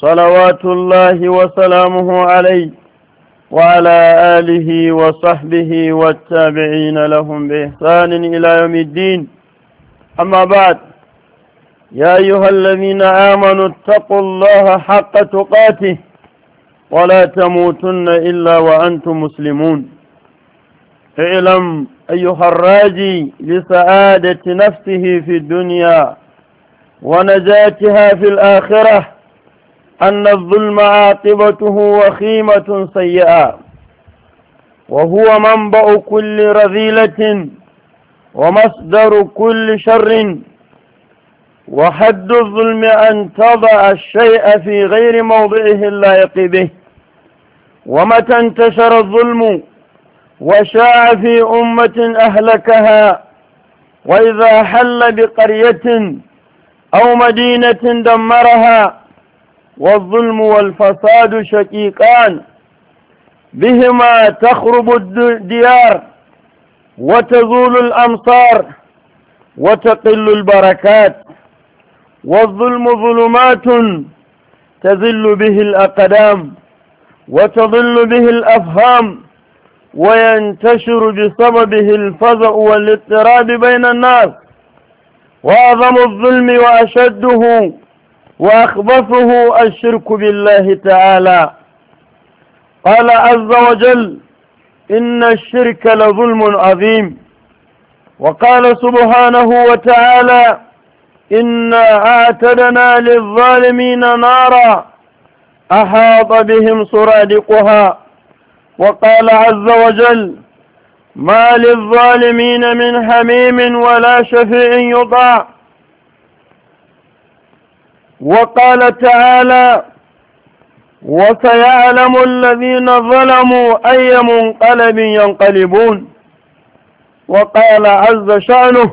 صلوات الله وسلامه عليه وعلى آله وصحبه والتابعين لهم بإحسان إلى يوم الدين أما بعد يا أيها الذين آمنوا اتقوا الله حق تقاته ولا تموتن إلا وأنتم مسلمون اعلم أيها الراجي لسعادة نفسه في الدنيا ونجاتها في الآخرة أن الظلم عاقبته وخيمة سيئة وهو منبأ كل رذيلة ومصدر كل شر وحد الظلم أن تضع الشيء في غير موضعه اللائق به ومتى انتشر الظلم وشاع في أمة أهلكها وإذا حل بقرية أو مدينة دمرها والظلم والفساد شقيقان بهما تخرب الديار وتزول الأمصار وتقل البركات والظلم ظلمات تذل به الأقدام وتضل به الأفهام وينتشر بسببه الفزع والاضطراب بين الناس وأعظم الظلم وأشده وأخبثه الشرك بالله تعالى قال عز وجل إن الشرك لظلم عظيم وقال سبحانه وتعالى إنا أعتدنا للظالمين نارا أحاط بهم سرادقها وقال عز وجل ما للظالمين من حميم ولا شفيع يطاع وقال تعالى وسيعلم الذين ظلموا أي منقلب ينقلبون وقال عز شأنه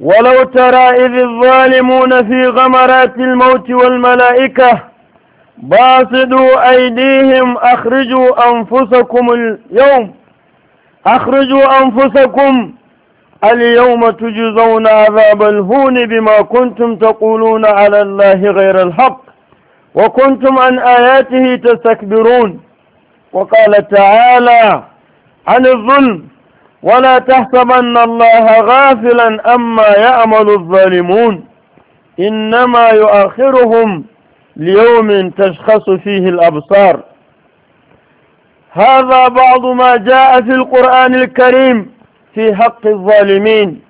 ولو ترى إذ الظالمون في غمرات الموت والملائكة باصدوا أيديهم أخرجوا أنفسكم اليوم أخرجوا أنفسكم اليوم تجزون عذاب الهون بما كنتم تقولون على الله غير الحق وكنتم عن آياته تستكبرون وقال تعالى عن الظلم ولا تحسبن الله غافلا أما يعمل الظالمون إنما يؤخرهم ليوم تشخص فيه الأبصار هذا بعض ما جاء في القرآن الكريم في حق الظالمين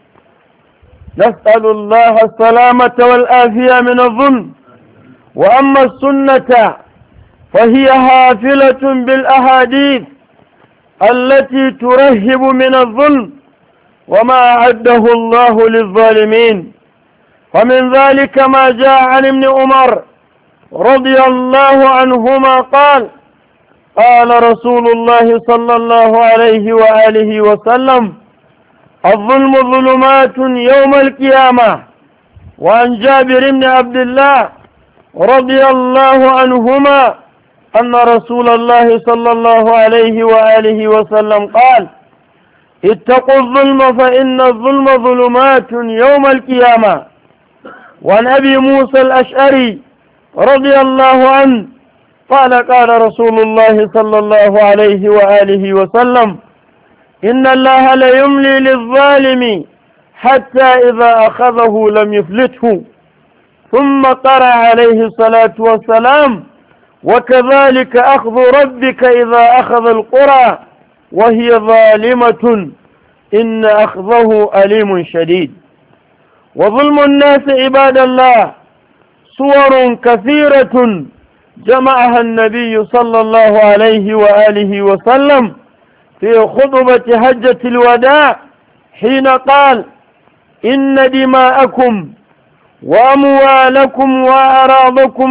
نسأل الله السلامة والآفية من الظلم وأما السنة فهي هافلة بالأحاديث التي ترهب من الظلم وما أعده الله للظالمين فمن ذلك ما جاء عن ابن عمر رضي الله عنهما قال قال رسول الله صلى الله عليه وآله وسلم الظلم ظلمات يوم القيامة وعن جابر بن عبد الله رضي الله عنهما أن رسول الله صلى الله عليه وآله وسلم قال اتقوا الظلم فإن الظلم ظلمات يوم القيامة وعن أبي موسى الأشعري رضي الله عنه قال قال رسول الله صلى الله عليه وآله وسلم إن الله ليملي للظالم حتى إذا أخذه لم يفلته ثم قرأ عليه الصلاة والسلام وكذلك أخذ ربك إذا أخذ القرى وهي ظالمة إن أخذه أليم شديد وظلم الناس عباد الله صور كثيرة جمعها النبي صلى الله عليه وآله وسلم في خطبة حجة الوداع حين قال إن دماءكم وأموالكم وأراضكم